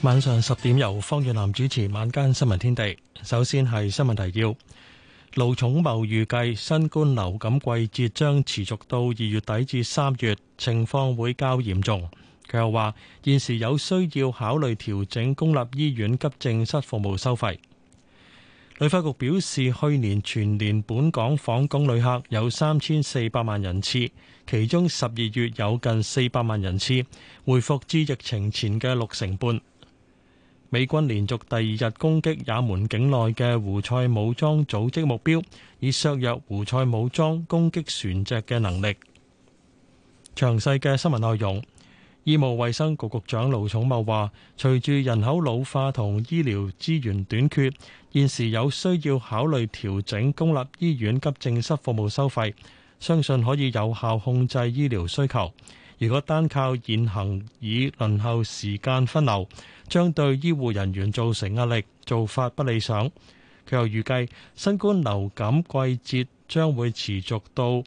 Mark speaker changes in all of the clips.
Speaker 1: 晚上十點由，旅發局表示去年全年本港訪港旅客有3400萬人次，其中12月有近400萬人次，回復至疫情前嘅六成半。美軍連續第二日攻擊也門境內嘅胡塞武裝組織目標，以削弱胡塞武裝攻擊船隻嘅能力。詳細嘅新聞內容。醫務衛生局局長盧寵茂話，隨住人口老化同醫療資源短缺，現時有需要考慮調整公立醫院急症室服務收費，相信可以有效控制醫療需求。如果單靠現行以輪候時間分流，將對醫護人員造成壓力，做法不理想。佢又預計，新冠流感季節將會持續到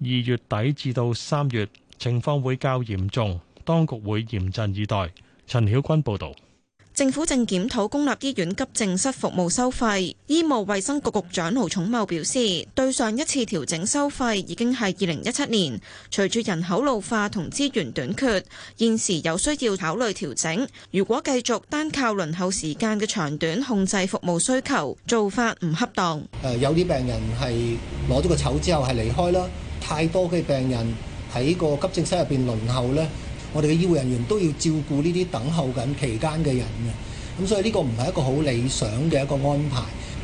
Speaker 1: 二月底至到三月。情況會較嚴重，當局會嚴陣以待。陳曉君報導，
Speaker 2: 政府正檢討公立醫院急症室服務收費。醫務衛生局局長盧寵茂表示，對上一次調整收費已經係二零一七年，隨住人口老化同資源短缺，現時有需要考慮調整。如果繼續單靠輪候時間嘅長短控制服務需求，做法唔恰當。誒，有啲病人係攞咗個籌之後係離開啦，太多嘅病人。喺
Speaker 3: 個急症室入邊輪候呢，我哋嘅醫護人員都要照顧呢啲等候緊期間嘅人嘅，咁所以呢個唔係一個好理想嘅一個安排。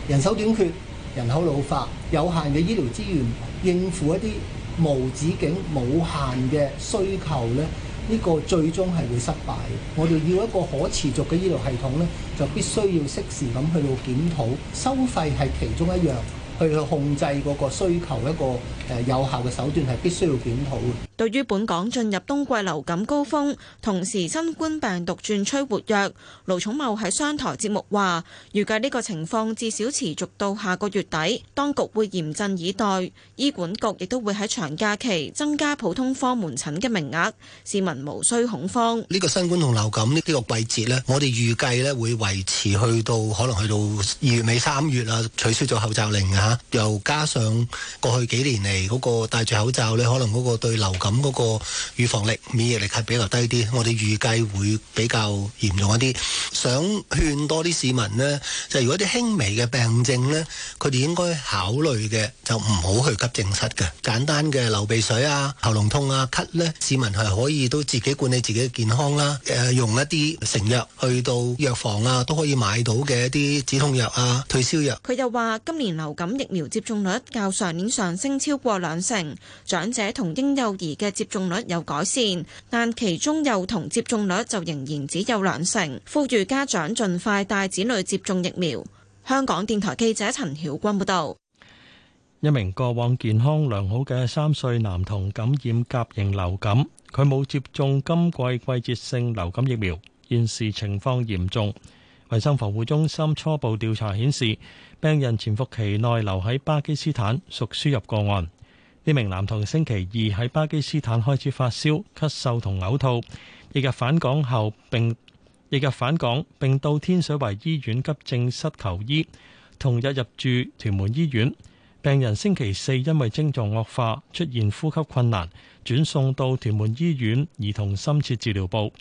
Speaker 3: 人手短缺、人口老化、有限嘅醫療資源應付一啲無止境、無限嘅需求呢，呢個最終係會失敗嘅。我哋要一個可持續嘅醫療系統呢就必須要適時咁去到檢討，收費係其中一樣去去控制嗰個需求一個誒有效嘅手段係必須要檢討嘅。
Speaker 2: 對於本港進入冬季流感高峰，同時新冠病毒轉趨活躍，盧寵茂喺商台節目話：預計呢個情況至少持續到下個月底，當局會嚴陣以待。醫管局亦都會喺長假期增加普通科門診嘅名額，市民無需恐慌。呢
Speaker 3: 個新冠同流感呢幾個季節呢，我哋預計咧會維持去到可能去到二月尾三月啦，取消咗口罩令嚇，又加上過去幾年嚟嗰個戴住口罩，你可能嗰個對流感咁嗰個預防力、免疫力係比較低啲，我哋預計會比較嚴重一啲。想勸多啲市民呢，就係如果啲輕微嘅病症呢，佢哋應該考慮嘅就唔好去急症室嘅。簡單嘅流鼻水啊、喉嚨痛啊、咳呢，市民係可以都自己管理自己嘅健康啦。誒，用一啲成藥去到藥房啊，都可以買到嘅一啲止痛藥啊、退燒藥。
Speaker 2: 佢又話今年流感疫苗接種率較上年上升超過兩成，長者同嬰幼兒嘅接種率有改善，但其中幼童接種率就仍然只有兩成。呼籲家長盡快帶子女接種疫苗。香港電台記者陳曉君報道：
Speaker 1: 一名過往健康良好嘅三歲男童感染甲型流感，佢冇接種今季季節性流感疫苗，現時情況嚴重。衛生防護中心初步調查顯示，病人潛伏期內留喺巴基斯坦，屬輸入個案。呢名男童星期二喺巴基斯坦開始發燒、咳嗽同嘔吐，翌日返港後並翌日返港並到天水圍醫院急症室求醫，同日入住屯門醫院。病人星期四因為症狀惡化，出現呼吸困難，轉送到屯門醫院兒童深切治療部。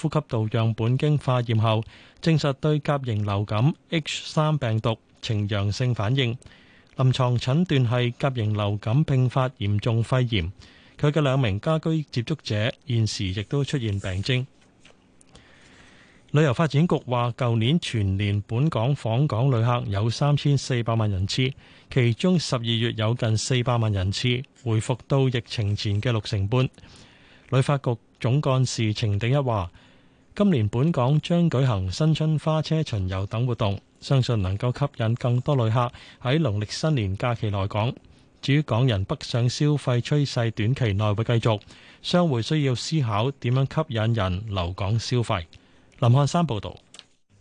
Speaker 1: 呼吸道樣本經化驗後證實對甲型流感 H3 病毒呈陽性反應。臨床診斷係甲型流感併發嚴重肺炎，佢嘅兩名家居接觸者現時亦都出現病徵。旅遊發展局話，舊年全年本港訪港旅客有三千四百萬人次，其中十二月有近四百萬人次，回復到疫情前嘅六成半。旅發局總幹事程定一話，今年本港將舉行新春花車巡遊等活動。相信能夠吸引更多旅客喺農曆新年假期來港。至於港人北上消費趨勢短期內會繼續，商會需要思考點樣吸引人留港消費，林漢山報道。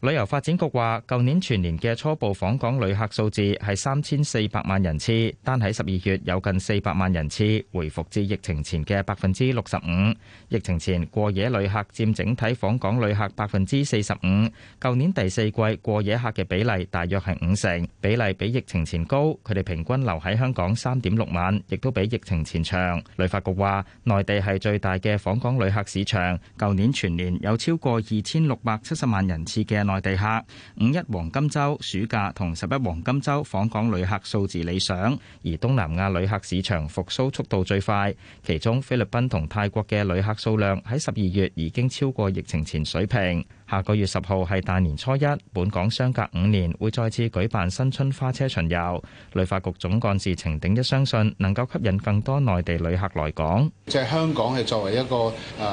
Speaker 4: 旅遊發展局話，舊年全年嘅初步訪港旅客數字係三千四百萬人次，單喺十二月有近四百萬人次，回復至疫情前嘅百分之六十五。疫情前過夜旅客佔整體訪港旅客百分之四十五，舊年第四季過夜客嘅比例大約係五成，比例比疫情前高。佢哋平均留喺香港三點六晚，亦都比疫情前長。旅發局話，內地係最大嘅訪港旅客市場，舊年全年有超過二千六百七十萬人次嘅。內地客五一黃金周暑假同十一黃金周訪港旅客數字理想，而東南亞旅客市場復甦速度最快，其中菲律賓同泰國嘅旅客數量喺十二月已經超過疫情前水平。下個月十號係大年初一，本港相隔五年會再次舉辦新春花車巡遊。旅發局總幹事程鼎一相信能夠吸引更多內地旅客來港。
Speaker 3: 即係香港係作為一個，誒，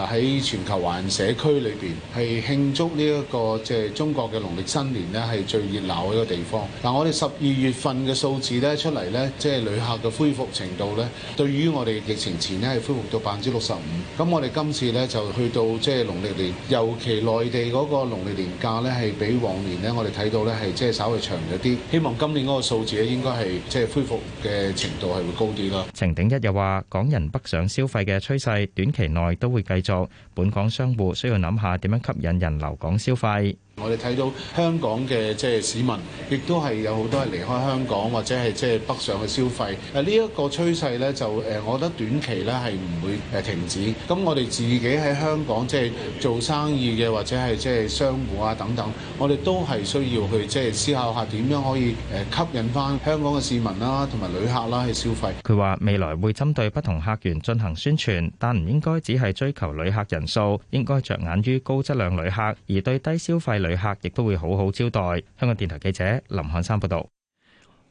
Speaker 3: 喺全球華人社區裏邊係慶祝呢一個即係中國嘅農曆新年呢，係最熱鬧嘅一個地方。嗱，我哋十二月份嘅數字咧出嚟呢，即係旅客嘅恢復程度呢，對於我哋疫情前呢，係恢復到百分之六十五。咁我哋今次呢就去到即係農曆年，尤其內地嗰嗰個農曆年假咧，係比往年咧，我哋睇到咧係即係稍微長咗啲。希望今年嗰個數字咧，應該係即係恢復嘅程度係會高啲囉。
Speaker 4: 程鼎一又話，港人北上消費嘅趨勢，短期內都會繼續。本港商戶需要諗下點樣吸引人流港消費。
Speaker 3: 我哋睇到香港嘅即係市民，亦都係有好多係離開香港或者係即係北上去消費。誒呢一個趨勢咧，就誒我覺得短期咧係唔會誒停止。咁我哋自己喺香港即係做生意嘅或者係即係商戶啊等等，我哋都係需要去即係思考下點樣可以誒吸引翻香港嘅市民
Speaker 4: 啦，同埋旅客啦去消費。佢話未來會針對不同客源進行宣傳，但唔應該只係追求旅客人數，應該着眼於高質量旅客，而對低消費。旅
Speaker 1: 客亦都會好好招待。香港電台記者林漢山報道。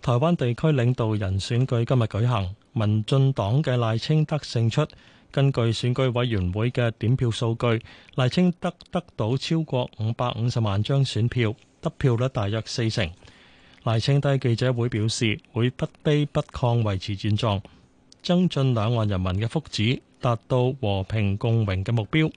Speaker 1: 台灣地區領導人選舉今日舉行，民進黨嘅賴清德勝出。根據選舉委員會嘅點票數據，賴清德得到超過五百五十萬張選票，得票率大約四成。賴清德記者會表示，會不卑不亢，維持戰狀，增進兩岸人民嘅福祉，達到和平共榮嘅目標。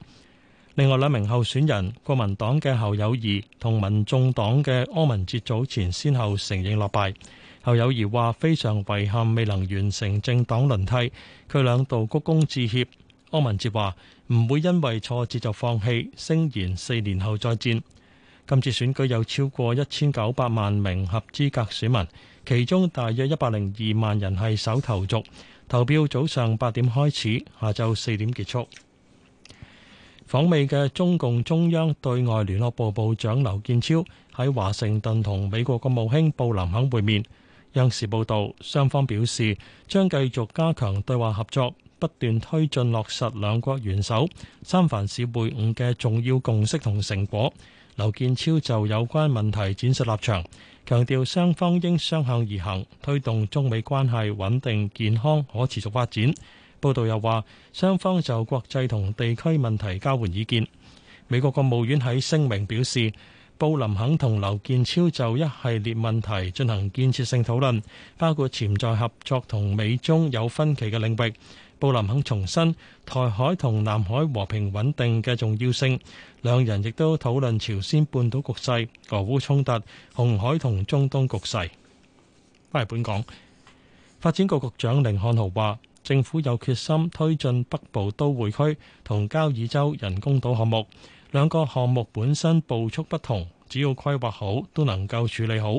Speaker 1: 另外兩名候選人，國民黨嘅侯友宜同民眾黨嘅柯文哲早前先後承認落敗。侯友宜話非常遺憾未能完成政黨輪替，佢兩度鞠躬致歉。柯文哲話唔會因為挫折就放棄，聲言四年後再戰。今次選舉有超過1900萬名合資格選民，其中大約102萬人係首投族。投票早上8點開始，下晝4點結束。訪美嘅中共中央對外聯絡部部長劉建超喺華盛頓同美國國務卿布林肯會面。央視報道，雙方表示將繼續加強對話合作，不斷推進落實兩國元首三藩市會晤嘅重要共識同成果。劉建超就有關問題展示立場，強調雙方應相向而行，推動中美關係穩定健康可持續發展。報道又話，雙方就國際同地區問題交換意見。美國國務院喺聲明表示，布林肯同劉建超就一系列問題進行建設性討論，包括潛在合作同美中有分歧嘅領域。布林肯重申台海同南海和平穩定嘅重要性，兩人亦都討論朝鮮半島局勢、俄烏衝突、紅海同中東局勢。返嚟本港，發展局局長凌漢豪話。政府有決心推進北部都會區同交椅洲人工島項目，兩個項目本身步速不同，只要規劃好都能夠處理好。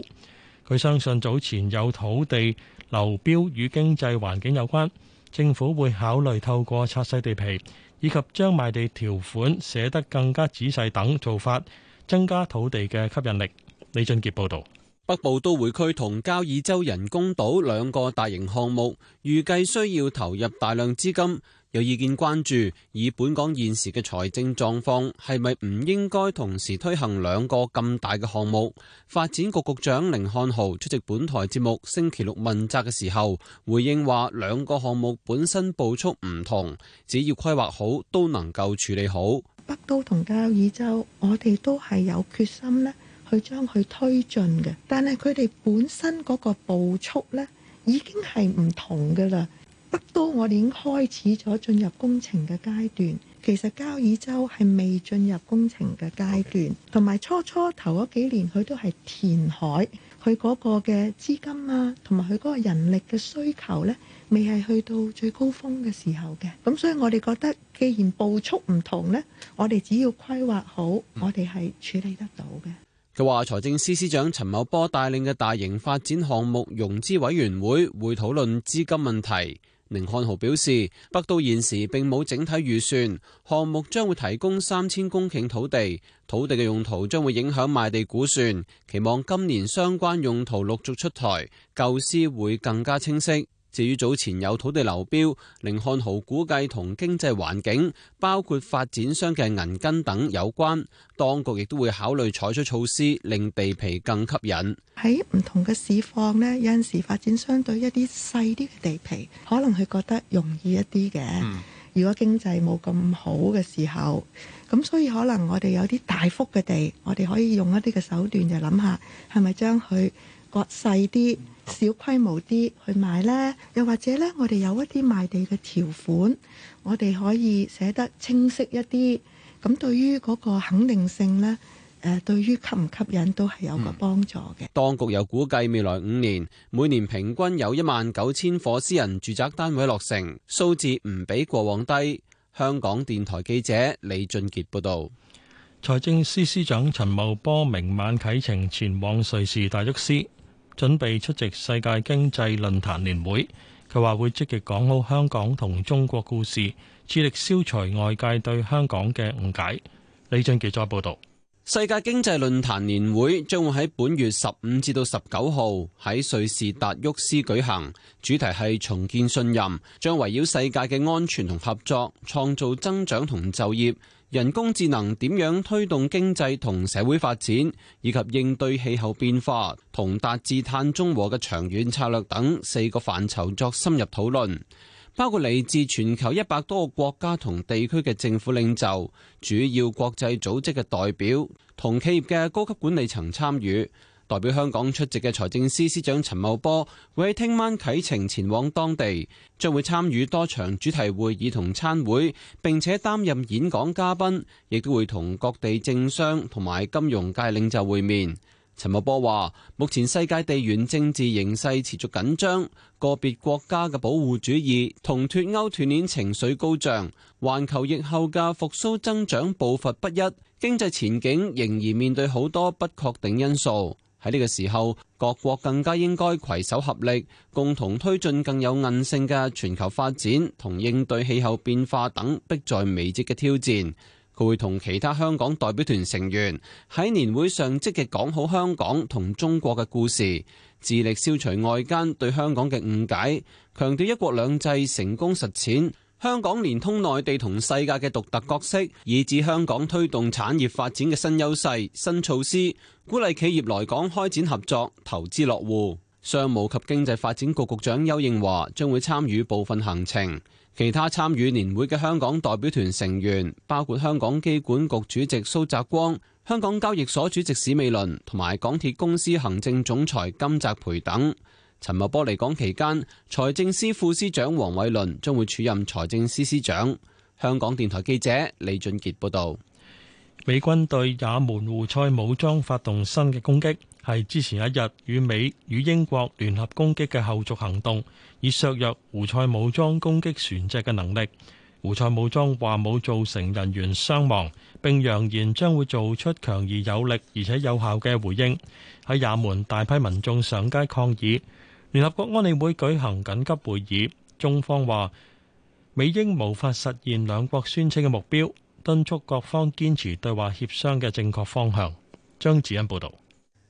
Speaker 1: 佢相信早前有土地流標與經濟環境有關，政府會考慮透過拆細地皮以及將賣地條款寫得更加仔細等做法，增加土
Speaker 5: 地嘅吸引力。李俊傑報導。北部都會區同交椅洲人工島兩個大型項目，預計需要投入大量資金。有意見關注，以本港現時嘅財政狀況，係咪唔應該同時推行兩個咁大嘅項目？發展局局長甯漢豪出席本台節目星期六問責嘅時候，回應話：兩個項目本身步速唔同，只要規劃好，都能夠處理好。
Speaker 6: 北都同交椅洲，我哋都係有決心呢，去將佢推進嘅，但係佢哋本身嗰個步速呢，已經係唔同㗎喇。北都我哋已經開始咗進入工程嘅階段，其實交椅洲係未進入工程嘅階段，同埋 Okay. 初初頭嗰幾年佢都係填海，佢嗰個嘅資金啊，同埋佢嗰個人力嘅需求呢，未係去到最高峰嘅時候嘅。咁所以我哋覺得，既然步速唔同呢，我哋只要規劃好，我哋係處理得到嘅。
Speaker 5: 嗯佢話：財政司司長陳茂波帶領嘅大型發展項目融資委員會會討論資金問題。寧漢豪表示，北都現時並冇整體預算，項目將會提供三千公頃土地，土地嘅用途將會影響賣地估算。期望今年相關用途陸續出台，構思會更加清晰。至於早前有土地流標，寧漢豪估計同經濟環境，包括發展商嘅銀根等有關。當局亦都會考慮採取措施，令地皮更吸引。
Speaker 6: 喺唔同嘅市況呢，有陣時發展商對一啲細啲嘅地皮，可能佢覺得容易一啲嘅。如果經濟冇咁好嘅時候，咁所以可能我哋有啲大幅嘅地，我哋可以用一啲嘅手段想想，就諗下係咪將佢割細啲。小規模啲去賣呢，又或者呢，我哋有一啲賣地嘅條款，我哋可以寫得清晰一啲。咁對於嗰個肯定性呢，誒、呃，對於吸唔吸引都係有個幫助嘅、嗯。
Speaker 5: 當局又估計未來五年每年平均有一萬九千伙私人住宅單位落成，數字唔比過往低。香港電台記者李俊傑報導。財政司司長陳茂波
Speaker 1: 明晚啟程前往瑞士達沃斯。準備出席世界經濟論壇年會，佢話會積極講好香港同中國故事，致力消除外界對香港嘅誤解。李俊傑記者報道：
Speaker 5: 世界經濟論壇年會將會喺本月十五至到十九號喺瑞士達沃斯舉行，主題係重建信任，將圍繞世界嘅安全同合作，創造增長同就業，人工智能點樣推動經濟同社會發展，以及應對氣候變化同達至碳中和嘅長遠策略等四個範疇作深入討論，包括嚟自全球一百多個國家同地區嘅政府領袖、主要國際組織嘅代表同企業嘅高級管理層參與。代表香港出席嘅財政司司長陳茂波會喺聽晚啟程前往當地，將會參與多場主題會議同參會，並且擔任演講嘉賓，亦都會同各地政商同埋金融界領袖會面。陳茂波話：目前世界地緣政治形勢持續緊張，個別國家嘅保護主義同脫歐斷鏈情緒高漲，環球疫後嘅復甦增長步伐不一，經濟前景仍然面對好多不確定因素。喺呢個時候，各國更加應該攜手合力，共同推進更有韌性嘅全球發展，同應對氣候變化等迫在眉睫嘅挑戰。佢會同其他香港代表團成員喺年會上積極講好香港同中國嘅故事，致力消除外間對香港嘅誤解，強調一國兩制成功實踐。香港連通內地同世界嘅獨特角色，以至香港推動產業發展嘅新優勢、新措施，鼓勵企業來港開展合作、投資落戶。商務及經濟發展局局長邱應華將會參與部分行程，其他參與年會嘅香港代表團成員包括香港機管局主席蘇澤光、香港交易所主席史美倫同埋港鐵公司行政總裁金澤培等。陳茂波離港期間，財政司副司長黃偉綸將會署任財政司司長。香港電台記者李俊杰報道：
Speaker 1: 美軍對也門胡塞武裝發動新嘅攻擊，係之前一日與美與英國聯合攻擊嘅後續行動，以削弱胡塞武裝攻擊船隻嘅能力。胡塞武裝話冇造成人員傷亡，並揚言將會做出強而有力而且有效嘅回應。喺也門，大批民眾上街抗議。聯合國安理會舉行緊急會議，中方話美英無法實現兩國宣稱嘅目標，敦促各方堅持對話協商嘅正確方向。張子欣報道。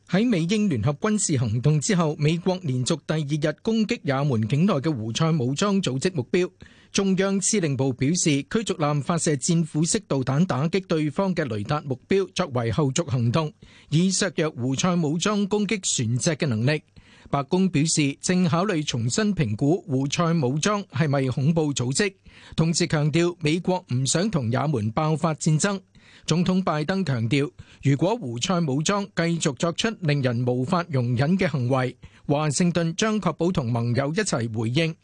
Speaker 1: 喺美英聯合軍事行動之後，美國連續第二日攻
Speaker 7: 擊也門境內嘅胡塞武裝組織目標。中央司令部表示，驅逐艦發射戰斧式導彈打擊對方嘅雷達目標，作為後續行動，以削弱胡塞武裝攻擊船隻嘅能力。白宮表示正考慮重新評估胡塞武裝係咪恐怖組織，同時強調美國唔想同也門爆發戰爭。總統拜登強調，如果胡塞武裝繼續作出令人無法容忍嘅行為，華盛頓將確保同盟友一齊回應。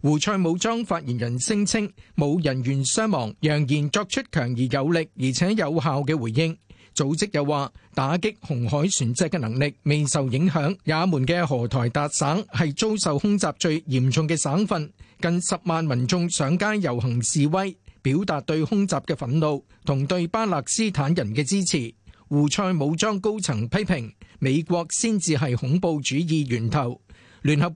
Speaker 7: 胡塞武裝發言人聲稱冇人員傷亡，揚言作出強而有力而且有效嘅回應。組織又話，打擊紅海船隻嘅能力未受影響。也門嘅荷台達省係遭受空襲最嚴重嘅省份，近十萬民眾上街遊行示威，表達對空襲嘅憤怒同對巴勒斯坦人嘅支持。胡塞武裝高層批評美國先至係恐怖主義源頭。聯合國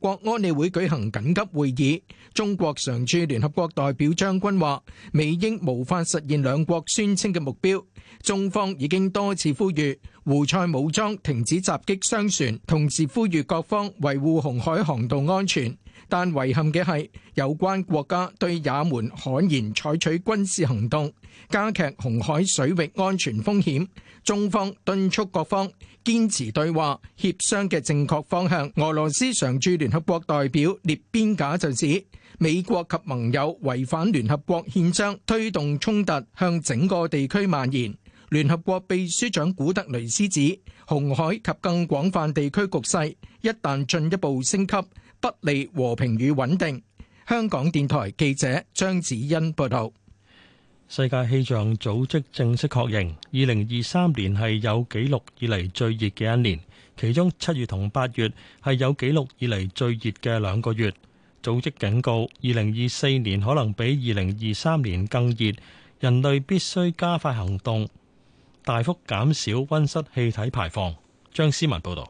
Speaker 7: 加劇紅海水域安全風險，中方敦促各方堅持對話協商嘅正確方向。俄羅斯常駐聯合國代表列邊假就指，美國及盟友違反聯合國憲章，推動衝突向整個地區蔓延。聯合國秘書長古特雷斯指，紅海及更廣泛地區局勢一旦進一步升級，不利和平與穩定。香港電台記者張子欣報道。
Speaker 1: 世界氣象組織正式確認二零二三年係有紀錄以嚟最熱嘅一年，其中七月同八月係有紀錄以嚟最熱嘅兩個月。組織警告，二零二四年可能比二零二三年更熱，人類必須加快行動，大幅減少溫室氣體排放。張思文報道。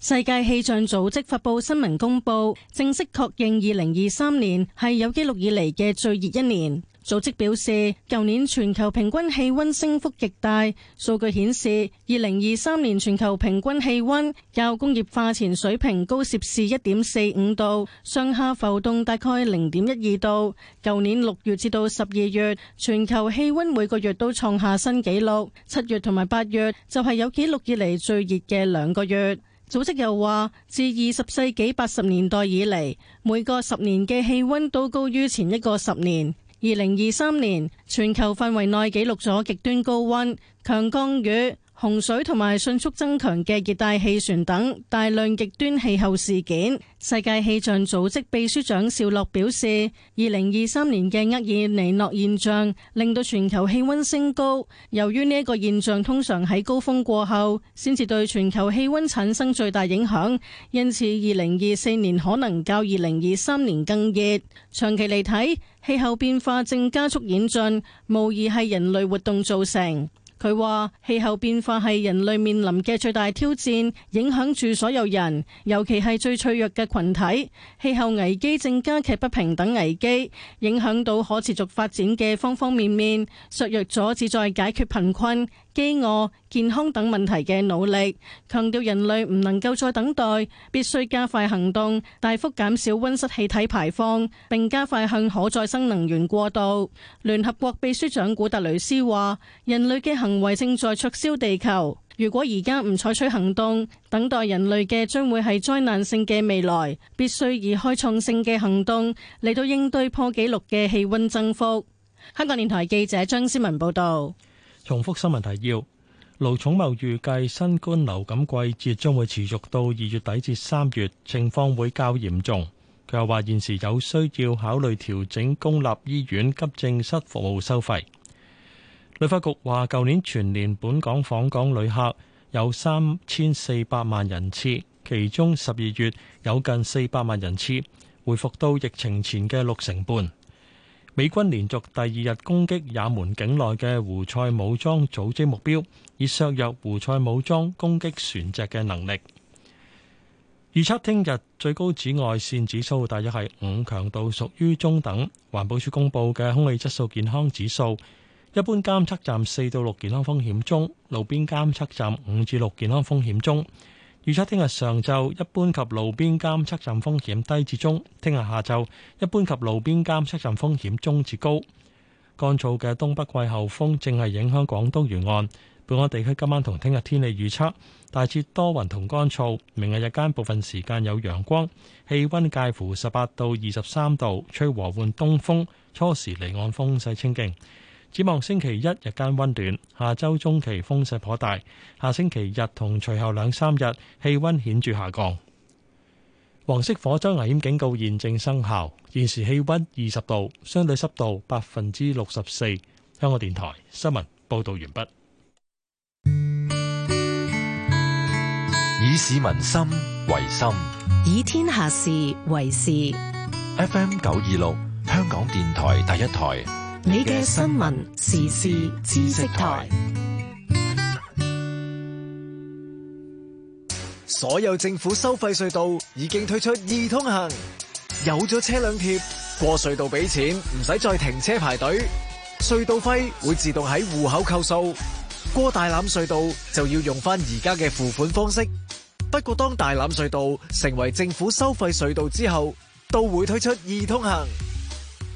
Speaker 8: 世界氣象組織發佈新聞公布，正式確認二零二三年係有紀錄以嚟嘅最熱一年。組織表示，舊年全球平均氣溫升幅極大。數據顯示，二零二三年全球平均氣溫較工業化前水平高攝氏一點四五度，上下浮動大概零點一二度。舊年六月至到十二月，全球氣溫每個月都創下新紀錄，七月同埋八月就係有紀錄以嚟最熱嘅兩個月。組織又話，自二十世紀八十年代以嚟，每個十年嘅氣溫都高於前一個十年。2023年,全球範圍內記錄咗極端高温,強降雨,洪水同埋迅速增強的熱帶氣旋等大量極端氣候事件。世界氣象組織秘書長紹洛表示 ,2023 年的厄爾尼諾現象令到全球氣温升高。由於呢個現象通常喺高峰過後,先至對全球氣温產生最大影響,因此2024年可能較2023年更熱。長期嚟睇,氣候變化正加速演進，無疑係人類活動造成。佢話，氣候變化係人類面臨嘅最大挑戰，影響住所有人，尤其係最脆弱嘅群體。氣候危機正加劇不平等危機，影響到可持續發展嘅方方面面，削弱咗旨在解決貧困。飢餓、健康等問題嘅努力，強調人類唔能夠再等待，必須加快行動，大幅減少温室氣體排放，並加快向可再生能源過渡。聯合國秘書長古特雷斯話：人類嘅行為正在灼燒地球，如果而家唔採取行動，等待人類嘅將會係災難性嘅未來，必須以開創性嘅行動嚟到應對破紀錄嘅氣温增幅。香港電台記者張思文報道。
Speaker 1: 重複新聞提要，盧寵茂預計新冠流感季節將會持續到二月底至三月，情況會較嚴重。佢又話，現時有需要考慮調整公立醫院急症室服務收費。旅發局話，舊年全年本港訪港旅客有三千四百萬人次，其中十二月有近四百萬人次，回復到疫情前嘅六成半。美軍連續第二日攻擊也門境內嘅胡塞武裝組織目標，以削弱胡塞武裝攻擊船隻嘅能力。預測聽日最高紫外線指數大約係五，強度屬於中等。環保署公布嘅空氣質素健康指數，一般監測站四到六健康風險中，路邊監測站五至六健康風險中。預測聽日上晝一般及路邊監測站風險低至中，聽日下晝一般及路邊監測站風險中至高。乾燥嘅東北季候風正係影響廣東沿岸，本港地區今晚同聽日天氣預測大致多雲同乾燥。明日日間部分時間有陽光，氣温介乎十八到二十三度，吹和緩東風，初時離岸風勢清勁。展望星期一日間溫暖，下周中期風勢頗大，下星期日同隨後兩三日氣溫顯著下降。黃色火災危險警告現正生效，現時氣溫二十度，相對濕度百分之六十四。香港電台新聞報道完畢。以市民心為心，
Speaker 8: 以天下事為事。
Speaker 1: FM 九二六，香港電台第一台。
Speaker 8: 你嘅新聞時事知識台，
Speaker 7: 所有政府收費隧道已經推出易通行，有咗車輛貼過隧道俾錢，唔使再停車排隊，隧道費會自動喺戶口扣數。過大欖隧道就要用翻而家嘅付款方式。不過當大欖隧道成為政府收費隧道之後，都會推出易通行。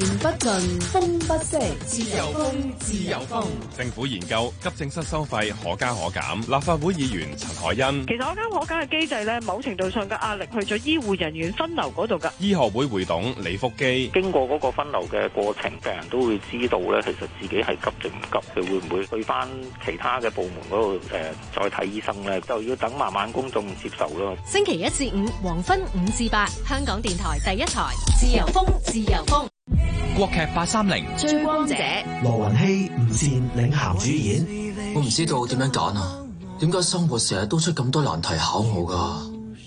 Speaker 6: 言不盡，風不息，
Speaker 5: 自由風，自由風。
Speaker 1: 政府研究急症室收費可加可減。立法會議員陳海欣
Speaker 2: 其實嗰間可減嘅機制咧，某程度上嘅壓力去咗醫護人員分流嗰度㗎。
Speaker 1: 醫學會會董李福基經過嗰個分流嘅過程嘅人都會知道咧，其實自己係急症唔急，佢會唔會去翻其他嘅部門嗰度誒再睇醫生咧，就要等慢慢公眾
Speaker 9: 接受咯。
Speaker 8: 星期一至五黃昏五至八，香港電台第一台，自由風，自由風。
Speaker 7: 國劇八三零
Speaker 8: 追光者，
Speaker 7: 羅雲熙、吳倩、領銜主演。我唔知道點樣揀啊！點解生活成日都出咁多難題考我
Speaker 5: 噶？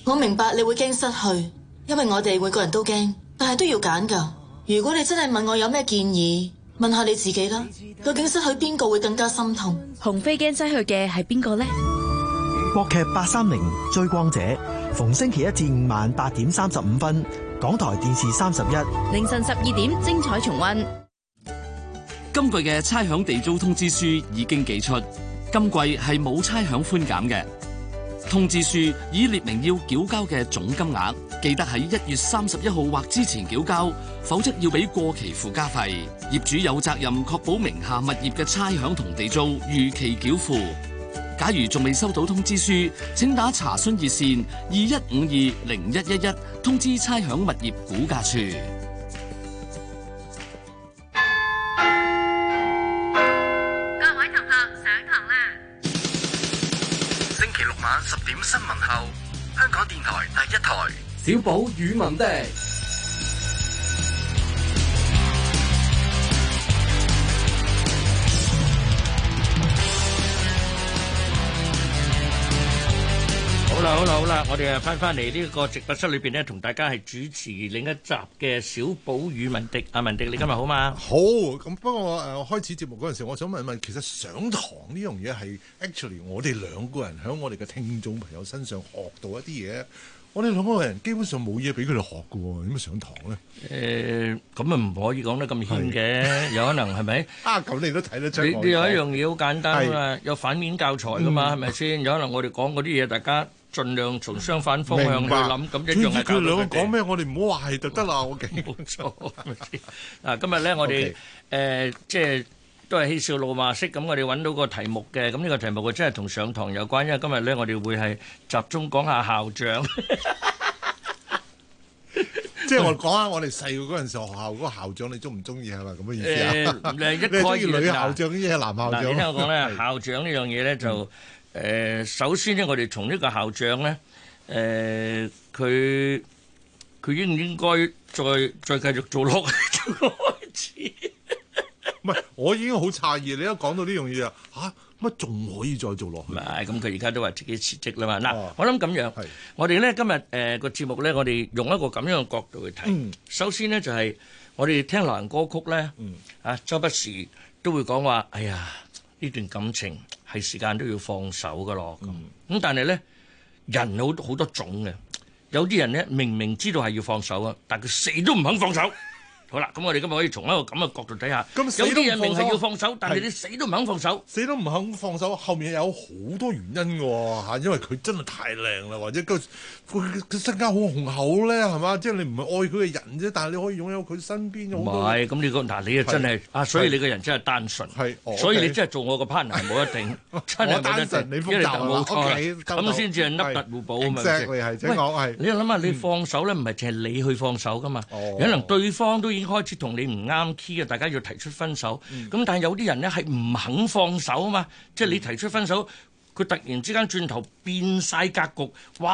Speaker 8: 我明白你會驚失去，因為我哋每個人都驚，但係都要揀噶。如果你真係問我有咩建議，問下你自己啦。究竟失去邊個會
Speaker 2: 更加心痛？鴻飛驚失去嘅係邊個呢？
Speaker 6: 國劇八三零追
Speaker 7: 光者，逢星期一至五晚八點三十五分。港台電視三十一
Speaker 2: 凌晨十二點，精彩重溫。
Speaker 9: 今季嘅差餉地租通知書已經寄出，今季係冇差餉寬減嘅。通知書已列明要繳交嘅總金額，記得喺一月三十一號或之前繳交，否則要俾過期附加費。業主有責任確保名下物業嘅差餉同地租如期繳付。假如仲未收到通知書，請打查詢熱線二一五二零一一一通知差餉物業估價署。
Speaker 5: 各位同學上堂啦！星期六晚十點新聞後，香港
Speaker 9: 電台第一台小
Speaker 7: 寶語文的。
Speaker 9: 好啦好啦，我哋啊翻翻嚟呢個直播室裏邊咧，同大家係主持另一集嘅小寶與文迪。阿、啊、文迪，你今日好嗎？
Speaker 3: 好，咁不過誒，開始節目嗰陣時，我想問一問，其實上堂呢樣嘢係 actually 我哋兩個人喺我哋嘅聽眾朋友身上學
Speaker 9: 到一啲嘢。我哋兩個人基本上冇嘢俾佢哋學嘅，點解上堂咧？誒、呃，咁啊唔可以講得咁謙嘅，是 有可能係咪？ 吧啊，咁你都睇得出。 啊、你有 一樣嘢好簡單啊，的有反面教材噶嘛，係咪先？有可能我哋講嗰啲嘢，大家。盡量從相反方向去諗，咁一樣係教導。既然佢兩個講咩，我哋唔好話係就得啦。我記冇錯係咪先？嗱，今日咧，我哋誒即係都係嬉笑怒罵式。咁我哋揾到個題目嘅。咁呢個題目嘅真係同上堂有關。因為今日咧，我哋會係集中講下校長。
Speaker 3: 即係我講下我哋細嗰陣時學校嗰個校長，你中唔中意係咪咁嘅意思啊？誒，唔係一個女校長，一個男校長。嗱，你聽我講咧，
Speaker 9: 校長呢樣嘢咧就。誒，首先咧，我哋從呢個校長咧，誒、呃，佢佢應唔應該再再繼續做落去開始？唔 係，我已經好詫異，你一講到呢樣嘢啊，嚇乜仲可以再做落去？唔係，咁佢而家都話自己辭職啦嘛。嗱、啊，啊、我諗咁樣，是我哋咧今日誒、呃、個節目咧，我哋用一個咁樣嘅角度去睇。嗯、首先咧就係、是、我哋聽流行歌曲咧，啊周不時都會講話，哎呀～哎呀哎呀呢段感情係時間都要放手㗎咯，咁但係呢，人有好多種嘅，有啲人呢明明知道係要放手啊，但佢死都唔肯放手。好啦，咁我哋今日可以從一個咁嘅角度睇下，有啲人明係要放手，但係你死都唔肯放
Speaker 3: 手，死都唔肯放手。後面有好多原因喎，嚇，因為佢真係太靚啦，或者佢佢佢身家好雄厚咧，係嘛？即係你唔係愛佢嘅人啫，但係你可以擁有佢身邊。唔係，
Speaker 9: 咁你講嗱，你啊真係啊，所以你個人真係單純，所以你真係做我個 partner 冇一定。我單純，你複雜。O.K. 咁先至係凹凸互補咁樣嘅。喂，你諗下，你放手咧，唔係淨係你去放手㗎嘛？可能對方都已。開始同你唔啱 key 嘅，大家要提出分手。咁、嗯、但係有啲人咧係唔肯放手啊嘛，即係你提出分手，佢突然之間轉頭變晒格局。